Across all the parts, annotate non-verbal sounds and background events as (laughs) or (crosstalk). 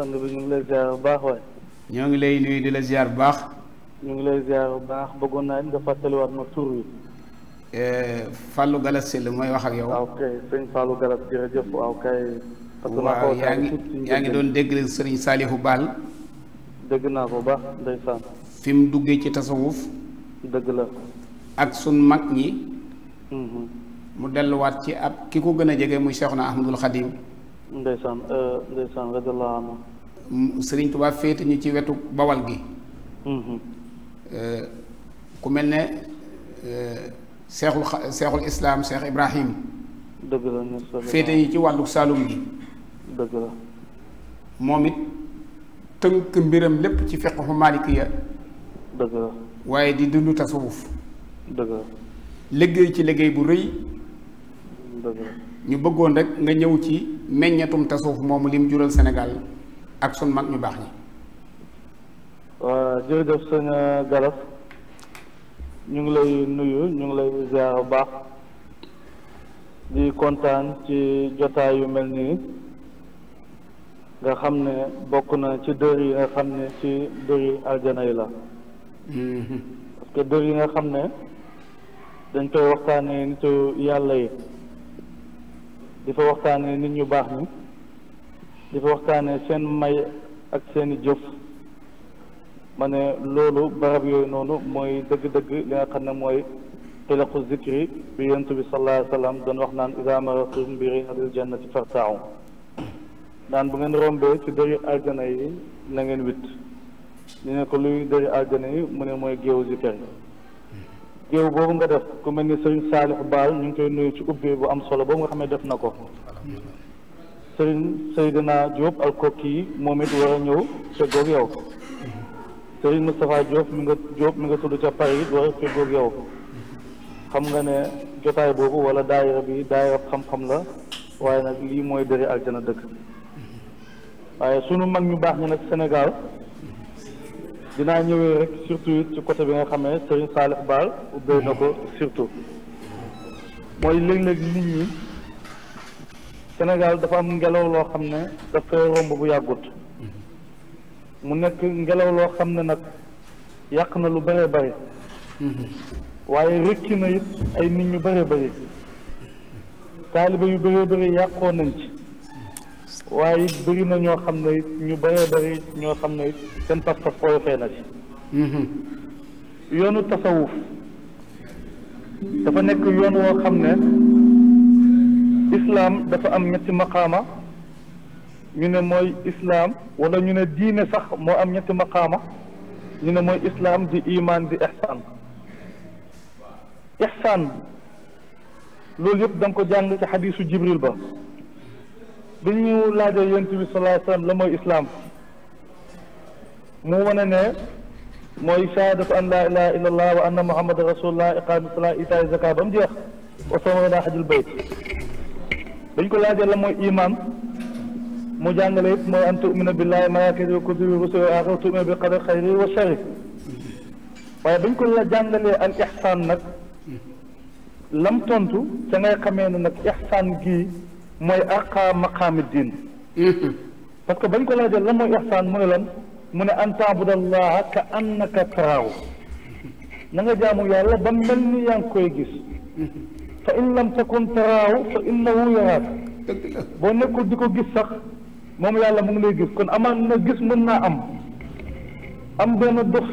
sang bi ñu ngi lay ziar bu baax waay. ngi lay di la ziar bu baax. ñu ngi lay bu baax bëggoon naa nga fàttaliwaat ma tur wi. Eh, Fallou mooy wax ak yow. waaw ah, kay sëñ Fallou Galas jërëjëf ah, ngi doon dégg sëriñ Saalihu Baal. dégg naa ko baax ndeysaan. fi mu duggee ci tasawuf. dëgg la. ak sun mag ñi. Mhm. mu delluwaat ci ab ki ko gën a jege muy Cheikhna Ahmadul Xadim. ndeysaan euh, ndeysaan sëriñ Tuubaa féete ñu ci wetu bawal gi mm-hmm. ku mel ne eh, seexul seexul islaam seex ibrahim dëgg féete ñu ci wàllu saalum gi dëgg la moom it tënk mbiram lépp ci fiqhu maalikiya dëgg waaye di dund tasawuf dëgg ci liggéey bu rëy ñu bëggoon rek nga ñëw ci meññatum tasawuf moomu lim jural senegal ak sun mag ñu baax ñi. waaw jërëjëf sëñ Gallas ñu ngi lay nuyu ñu ngi lay ziar baax di kontaan ci jotaay yu mel nii nga xam ne bokk na ci dër yi nga xam ne ci dër yi aljana yi la. Mm-hmm. parce dër yi nga xam ne dañ koy waxtaanee yàlla yi di fa waxtaanee nit ñu baax ñi. di fa waxtaanee seen may ak seeni jëf ma ne loolu barab yooyu noonu mooy dëgg-dëgg li nga xam ne mooy xilaqu zikri bi yonent bi sallallahu alayhi wa sallam doon wax naan ida marartum bi riadil jannati fartaaw naan bu ngeen rombee ci dëri aljana yi na ngeen wit ñu ne ko luy dëri aljana yi mu ne mooy géewu zikar géew boobu nga def ku mel ni sëriñ saalix baal ñu ngi koy nuyu ci ubbi bu am solo boobu nga xamee ne def na ko Serigne Seydina Diop alkokki yi moom it war a ñëw feggoog yow Serigne Moustapha Diop mi nga Diop mi nga tudd ca Paris it war a feggoog yow xam nga ne jotaay boobu wala daayira bi daayira xam-xam la waaye nag lii mooy dëri aljana dëkk waaye sunu mag ñu baax ñi nag Sénégal dinaa ñëwee rek surtout ci côté bi nga xamee Serigne Salif Baal ubbee na ko surtout mooy léeg-léeg nit ñi senegal dafa am ngelaw loo xam ne dafa romb bu yàggut mu nekk ngelaw loo xam ne nag yàq na lu bëree bëri waaye rëkki na it ay nit ñu bëree bëri taaliba yu bëree bëri yàqoo nañ ci waaye it bëri na ñoo xam ne it ñu bëree bëri ñoo xam ne it seen pas-pas koyofee na ci yoonu tasawuf dafa nekk yoon woo xam ne islaam dafa am ñetti maqaama ñu ne mooy islaam wala ñu ne diine sax moo am ñetti maqaama ñu ne mooy islaam di imaan di ihsaan ihsaan loolu yëpp da nga ko jàng ci xadiisu jibril ba bi ñu laajee yonent bi sallallahu la mooy islaam mu wane ne mooy shahadatu an laa ilaha illa allah wa anna muhammadan rasulullah iqaami salaa itaay zaka ba mu jeex wa sama ila hajjul bayt dañ ko laa la mooy iman mu jàngale it mooy an tumina billahi malaakati wa kutubi wa rusuli wa bi qadar xayri wa sharri waaye dañ ko la jàngalee al ixsaan nag lam tontu ca ngay xamee nag ixsaan gii mooy aqa maqaami diin parce que bañ ko laajee lan mooy ixsaan mu ne lan mu ne an taabud allaha ka annaka taraaw na nga jaamu yàlla ba mel ni yaa fa in lam takun taraahu fa innahu yaraak boo nekkul di ko gis sax moom yàlla mu ngi lay gis kon amaan gis mën naa am am benn dox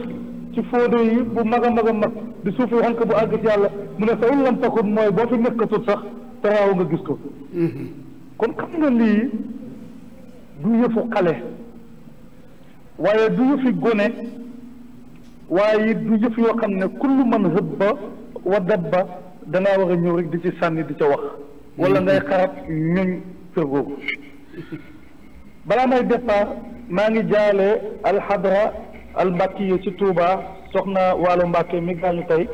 ci fóode yi bu mag a a di suufi wànq bu àgg ci yàlla mu ne fa in lam takun mooy boo fi nekkatut sax taraahu nga gis ko mhm. kon xam nga lii du yëfu xale waaye du yëfi gone waaye du yëf yoo xam ne kullu man hëbba wa dabba danaa war a ñëw rek di ci sànni di ca wax wala ngay xarab ñuñ kër balaa may départ maa ngi jaale alxadra almbàkkiye ci Touba soxna Waalo Mbàkke mi gaañu tey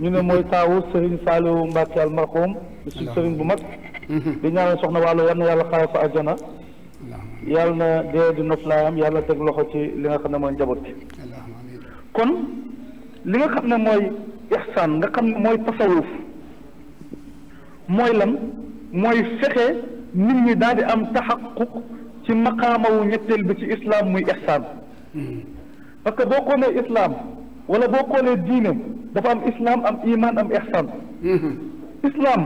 ñu ne mooy taawu Serigne Saliou Mbàkke almarxum di suñ Serigne bu mag mhm. di ñaanal soxna Waalo war na yàlla xaaral fa àjjana yàlla na dee di noflaayam yàlla teg loxo ci li nga xam ne mooy njaboot kon li nga xam ne mooy ihsaan nga xam ne mooy tasawuf mooy lan mooy fexe nit ñi daal am taxaquq ci maqaamawu ñetteel bi ci islam muy ihsaan parce que boo xoolee islam wala boo xoolee diine dafa am islam am iman am ihsaan islam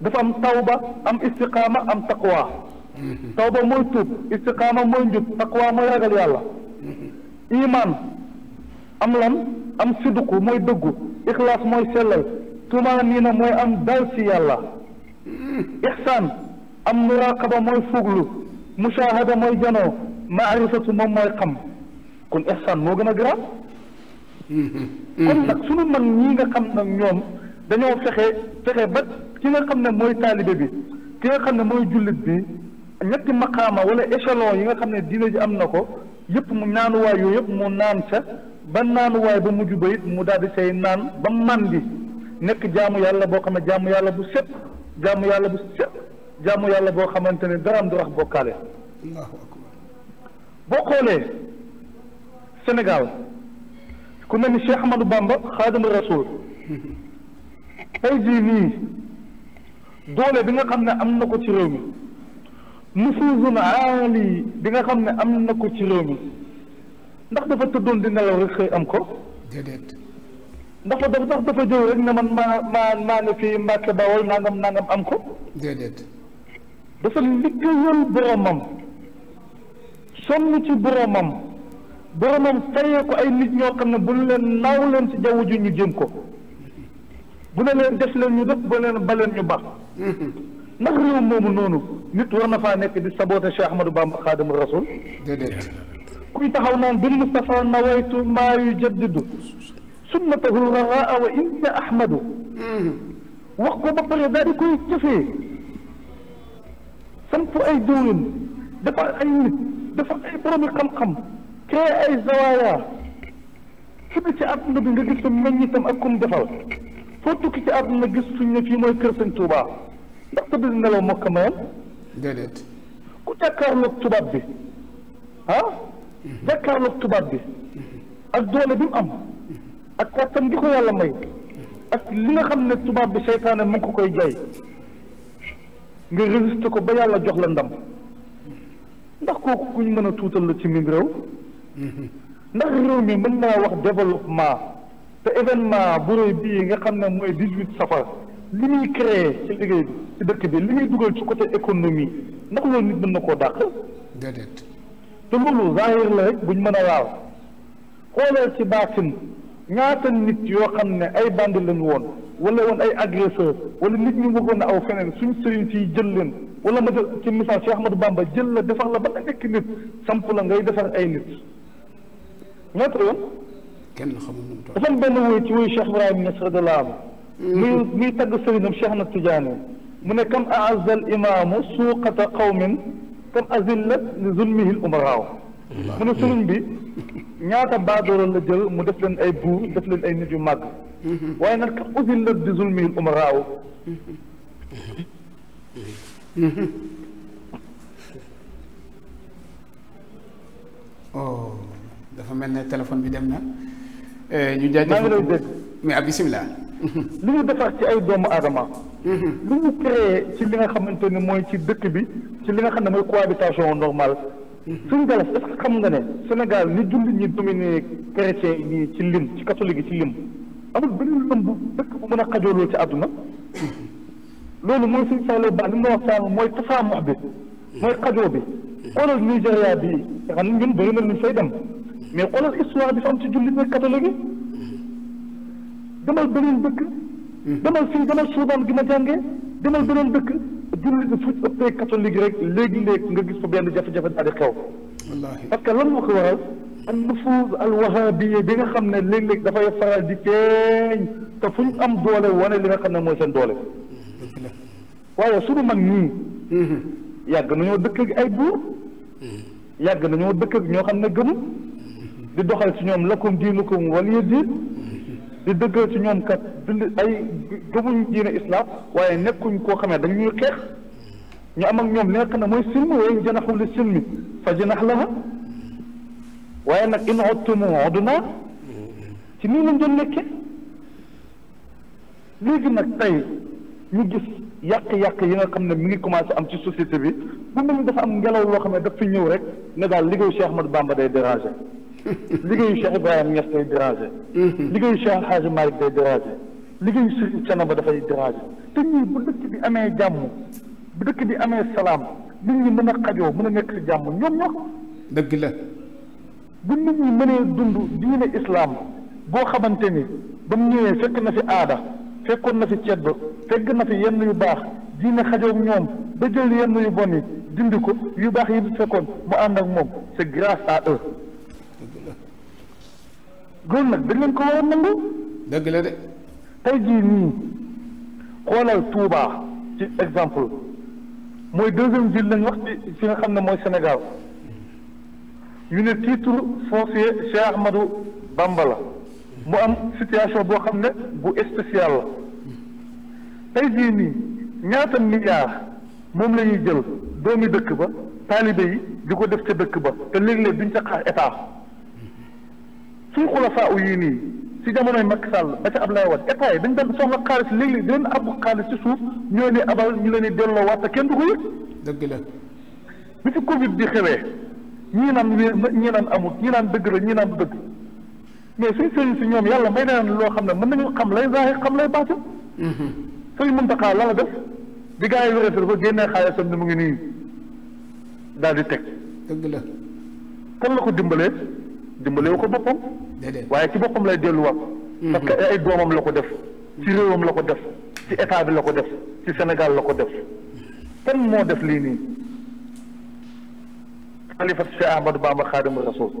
dafa am tawba am istiqaama am taqwa tawba mooy tuub istiqaama mooy njub taqwa mooy ragal yàlla iman am lan am sidqu mooy dëggu ixlaas mooy sellal tumaaniina mooy am dal ci yàlla ixsaan am muraqaba mooy fooglu mushahada mooy janoo maarifatu moom mooy xam kon ixsaan moo gën a garaaw kon nag suñu mag ñii nga xam nag ñoom dañoo fexe fexe ba ki nga xam ne mooy taalibe bi ki nga xam ne mooy jullit bi ñetti maqaama wala échelon yi nga xam ne diine ji am na ko yëpp mu naanuwaay yooyu yëpp mu naan ca ba naanuwaay ba mu ba it mu daal di say naan ba màndi nekk jaamu yàlla boo xam ne jaamu yàlla bu set jaamu yàlla bu yàlla boo xamante ne daraam du rax bokkaale boo xoolee Sénégal ku mel ni Cheikh Ahmadou Bamba Xaadimu Rasuul (laughs) tey jii nii doole bi nga xam ne am na ko ci réew mi nufuusun aali bi nga xam ne am na ko ci réew mi ndax dafa tëddoon di nelaw rek xëy am ko. déedéet. ndax dafa ndax dafa jëw rek ne man maa maa maa ne fii Mbàkke Bawol nangam nangam am ko. déedéet. dafa liggéeyal boromam sonn ci boromam boromam fayee ko ay nit ñoo xam ne bu ñu leen naaw leen ci jaww ji ñu jëm ko bu ne leen def leen ñu def ba leen ba leen ñu baax. (laughs) ndax réew moomu noonu nit war na faa nekk di saboté Cheikh Ahmadou Bamba Xaadimu Rasul. déedéet. kuy taxaw naan bil Mustafa nawaytu maa yujaddidu sunnatahu raraa wa inni ahmadu wax ko ba wax daal di koy jëfee samp ay diwlin dafa ay nit dafa ay boromi xam-xam ay zawaaya fii ci àdduna bi nga gis sa meññitam ak kum defal foo tukki ci àdduna gis suñ ne fii mooy kër sëñ Tuubaa ndax tëdd nelaw mokk bi ah jàkkaarloog tubaab bi ak doole bi mu am ak kàttan gi ko yàlla may ak li nga xam ne tubaab bi seytaane mu ko koy jaay nga résister ko ba yàlla jox la ndam ndax kooku kuñ mën a tuutal la ci mim réew ndax réew mi mën naa wax développement te événement bu rëy bii nga xam ne mooy dix-huit safar li muy créer ci liggéey bi dëkk bi li muy dugal ci côté économie ndax loolu nit mën na koo dàq déedéet te loolu zahir la rek buñ mën a waaw ci baatin ñaata nit yoo xam ne ay bandi lañ woon wala woon ay agresseur wala nit ñu bëggoon a aw feneen suñ sëriñ si wala ma jël ci misaal Cheikh Ahmadou Bamba jël la defar la ba nga nekk nit samp la ngay defar ay nit ñaata yoon kenn xamul nu mu dafa am benn woy ci woy Cheikh Ibrahim Niass radiyallahu anhu na mm. Tidiane mu ne kam aazal imaamu suuqata qawmin kon azillat li zulmihi l umaraaw mu ne sunu bi ñaata baadoora la jël mu def leen ay buur def leen ay nit yu màgg waaye nag azillat li zulmihi l umaraaw oh dafa mel ne téléphone bi dem na eh, ñu jaajëf mais ah, bisimilah li ñu defar ci ay doomu aadama lu mu créé ci li nga xamante ne mooy ci dëkk bi ci li nga xam ne mooy cohabitation normale suñu galas est-ce que xam nga ne Sénégal ni jullit ñi dominé chrétien yi ci lim ci catholique yi ci lim amul benn lëmb dëkk bu mën a xajoo loolu ci àdduna loolu mooy suñu saalo baax li ma wax mooy tasaamox bi mooy xajoo bi xoolal Nigéria bi nga xam ne ñun bëri na ñu fay dem mais xoolal histoire bi fa ci jullit ñi catholique yi demal beneen dëkk Mm-hmm. demal fii demal Soudan gi ma jàngee demal beneen dëkk jullit fu ëppee catholique rek léegi léegi nga gis fa benn jafe-jafe daal di xew parce que lan moo ko waral al nufuuz al wahabiya bi nga xam ne léeg-léeg dafay di feeñ te fu am doole wane li nga xam ne mooy seen doole waaye suñu mag ñii mm-hmm. yàgg nañoo dëkk ak ay buur mm-hmm. yàgg nañoo dëkk ak ñoo xam ne gëmu di doxal ci ñoom lakum diinukum waliya diin di dëggal ci ñoom kat dund ay gëmuñ diine islam waaye nekkuñ koo xamee dañ ñuy xeex ñu am ak ñoom nekk na mooy silmi waaye janaxu li silmi fa janax la waaye nag in udtum udnaa ci nii lañ doon nekkee léegi nag tey ñu gis yàq-yàq yi nga xam ne mi ngi commencé am ci société bi bu mel ni dafa am ngelaw loo xam ne daf fi ñëw rek ne daal liggéeyu Cheikh Ahmadou Bamba day déranger liggéeyu Cheikh Ibrahima Niass day déranger. Mhm. liggéeyu Cheikh Alhaji Malick day déranger. liggéeyu Serigne Thiénaba dafay déranger te ñii bu dëkk bi amee jàmm bu dëkk bi amee salaam nit ñi mën a xajoo mën nekk si jàmm ñoom ñoo dëgg la. bu nit ñi mënee dund diine islaam boo xamante ni ba mu ñëwee fekk na fi aada fekkoon na fi ceddo fekk na fi yenn yu baax diine xajoog ñoom ba jël yenn yu bon yi dindi ko yu baax yi fekkoon mu ànd ak moom c'est grâce à eux. loolu nag dañ leen ko war a dëgg la de. tey jii nii xoolal Touba ci exemple mooy deuxième ville lañ wax ci fi nga xam ne mooy Sénégal ñu ne titre foncier Cheikh Ahmadou Bamba mu am situation boo xam ne bu spécial la tey jii nii ñaata milliards moom lañuy ñuy jël doomi dëkk ba taalibe yi di ko def ci bëkk ba te léeg-léeg duñ ca xaar état. su xulafaa u nii si jamonoy Macky Sall ba ca Abdoulaye Wade état yi dañ daan soxla xaalis léeg-léeg di leen suuf ñoo ne abal ñu leen di delloo waat kenn du ko yëg. dëgg la bi fi Covid bi xewee ñii naan ñii naan amut ñii naan dëgg la ñii naan du dëgg mais suñ sëriñ si ñoom yàlla may na leen loo xam ne mën nañu xam lay zaahir xam lay baatin. Mhm. sëriñ Mountakha la la def bi gars yi wérante dafa génnee xaalisam ni mu ngi nii daal di teg. dëgg la kan la ko dimbalee. dimbalewu ko boppam. waaye ci boppam lay delluwaat ko. Mhm. ay doomam la ko def. ci réewam la ko def. ci état bi la ko def. ci Sénégal la ko def. kon moo def lii nii. xalifa Cheikh Ahmadou Bamba Xaadimu Rasuul.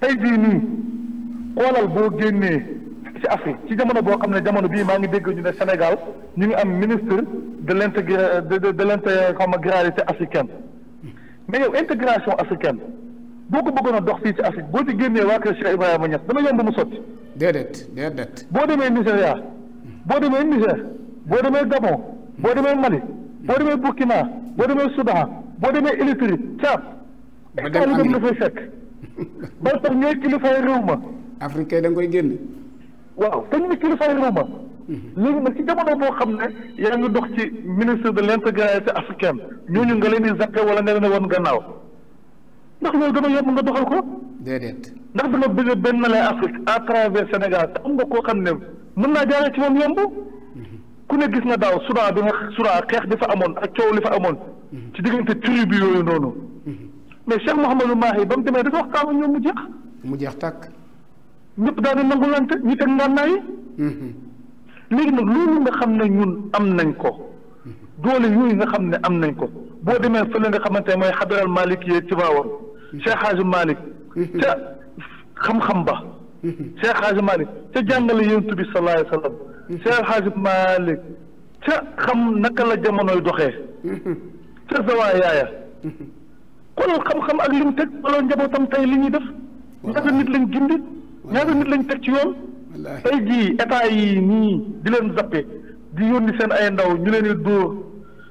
tey jii nii xoolal boo génnee ci Afrique ci jamono boo xam ne jamono bii maa ngi dégg ñu ne Sénégal ñu ngi am ministre de l' intégr de de l' intégralité africaine mais yow intégration africaine. boo ko bëggoon a dox fii ci Afrique boo ci génnee waa kër Cheikh Ibrahima Niass dana yomb mu sotti. déedéet déedéet. boo demee Nigéria boo demee Niger boo demee Gabon boo demee Mali boo demee Burkina boo demee Soudan boo demee Érythrée Tchad. ba dem Amady dem la fay fekk. ba tax ñooy kilifay réew ma. Afrique da nga koy génn. waaw te ñu kilifay réew ma. Mhm. léegi nag ci jamono boo xam ne yaa ngi dox ci ministre de l' intégration africaine ñooñu nga leen di zappé wala nga leen a woon gannaaw. ndax loolu gën a yomb nga doxal ko. déedéet ndax danga bëgg a benn lay Afrique à travers Sénégal te am nga koo xam ne mën naa jaaree ci moom yomb. ku ne gis nga daaw Soudan bi nga Soudan xeex bi fa amoon ak coow li fa amoon. ci diggante tribu yooyu noonu. mais Cheikh Mouhamadou Mahi ba mu demee dafa waxtaan ak ñoom mu jeex. mu jeex tàkk. ñëpp daal di nangulante ñu teg ngànnaay yi. léegi nag loolu nga xam ne ñun am nañ ko. doole yooyu nga xam ne am nañ ko boo demee fële nga xamante ne mooy xabiral Malik yee ci baawoon. Cheikh Hadji Malick ca xam-xam ba Cheikh Hadji Malick ca jàngale yonent bi sallallahu alayhi wa sallam Cheikh Hadji Malick ca xam naka la jamonoy doxee ca zawaa yaaya xoolal xam-xam ak li mu teg wala njabootam tey li ñuy def ñaata nit lañ gindi ñaata nit lañ teg ci yoon tey jii état yi di leen zappe di yónni seen ay ndaw ñu leen di dóor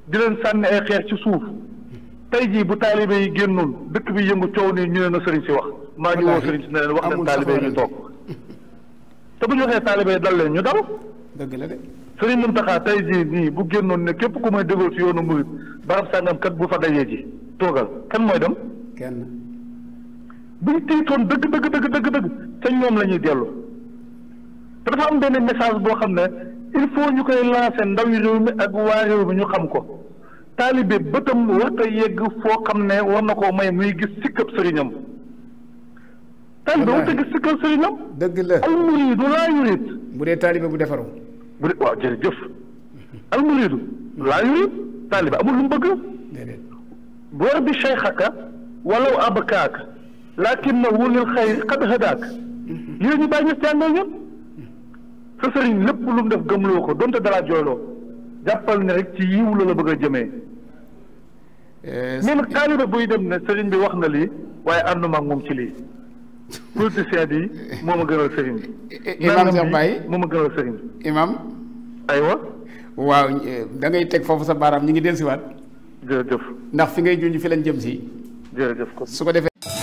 di leen sànni ay xeer ci suuf tey jii bu taalibe yi génnoon dëkk bi yëngu coow nii ñu ne na sëriñ si wax maa ngi woo sëriñ si ne leen wax leen taalibe yi ñu toog te bu ñu waxee taalibe yi dal leen ñu dal dëgg la de sëriñ Muntaxa tey nii bu génnoon ne képp ku may déglu si yoonu murit barab sàngam kat bu fa dajee ji toogal kan mooy dem bu ñu tiitoon dëgg dëgg dëgg dëgg ca ñoom la ñuy dellu te dafa am benn message boo xam ne il faut ñu koy lancer ndaw yi réew mi ak waa réew ñu xam ko taalibe bëtam warta yegg foo xam ne war na koo may muy gis sikkab sëriñam taalibe warta gis sikkab sëriñam dëgg la al laa yurid bu dee taalibe bu defaru bu dee waaw jërëjëf (laughs) al muriidu laa yurid taalibe amul lu mu bëgg boor bi cheikhaka walaw abakaak lakinnahu lil xayri qad hadaak (laughs) yooyu ñu bàyyi ñëpp jàngoo ñëpp hmm. sa sëriñ lépp lu mu def gëmloo ko donte dalaa jooyloo jàppal na rek ci yiw la la bëgg a jëmee. même taalibe buy dem ne sëriñ bi wax na lii waaye ànduma ak moom ci lii. politicien bi moo ma gënal sëriñ bi. imaam ma gënal sëriñ bi. imaam. aywa. waaw eh, dangay teg foofu sa baaraam ñu ngi dellusiwaat. jërëjëf. ndax fi ngay junj fi lañ jëm si. jërëjëf su ko defee.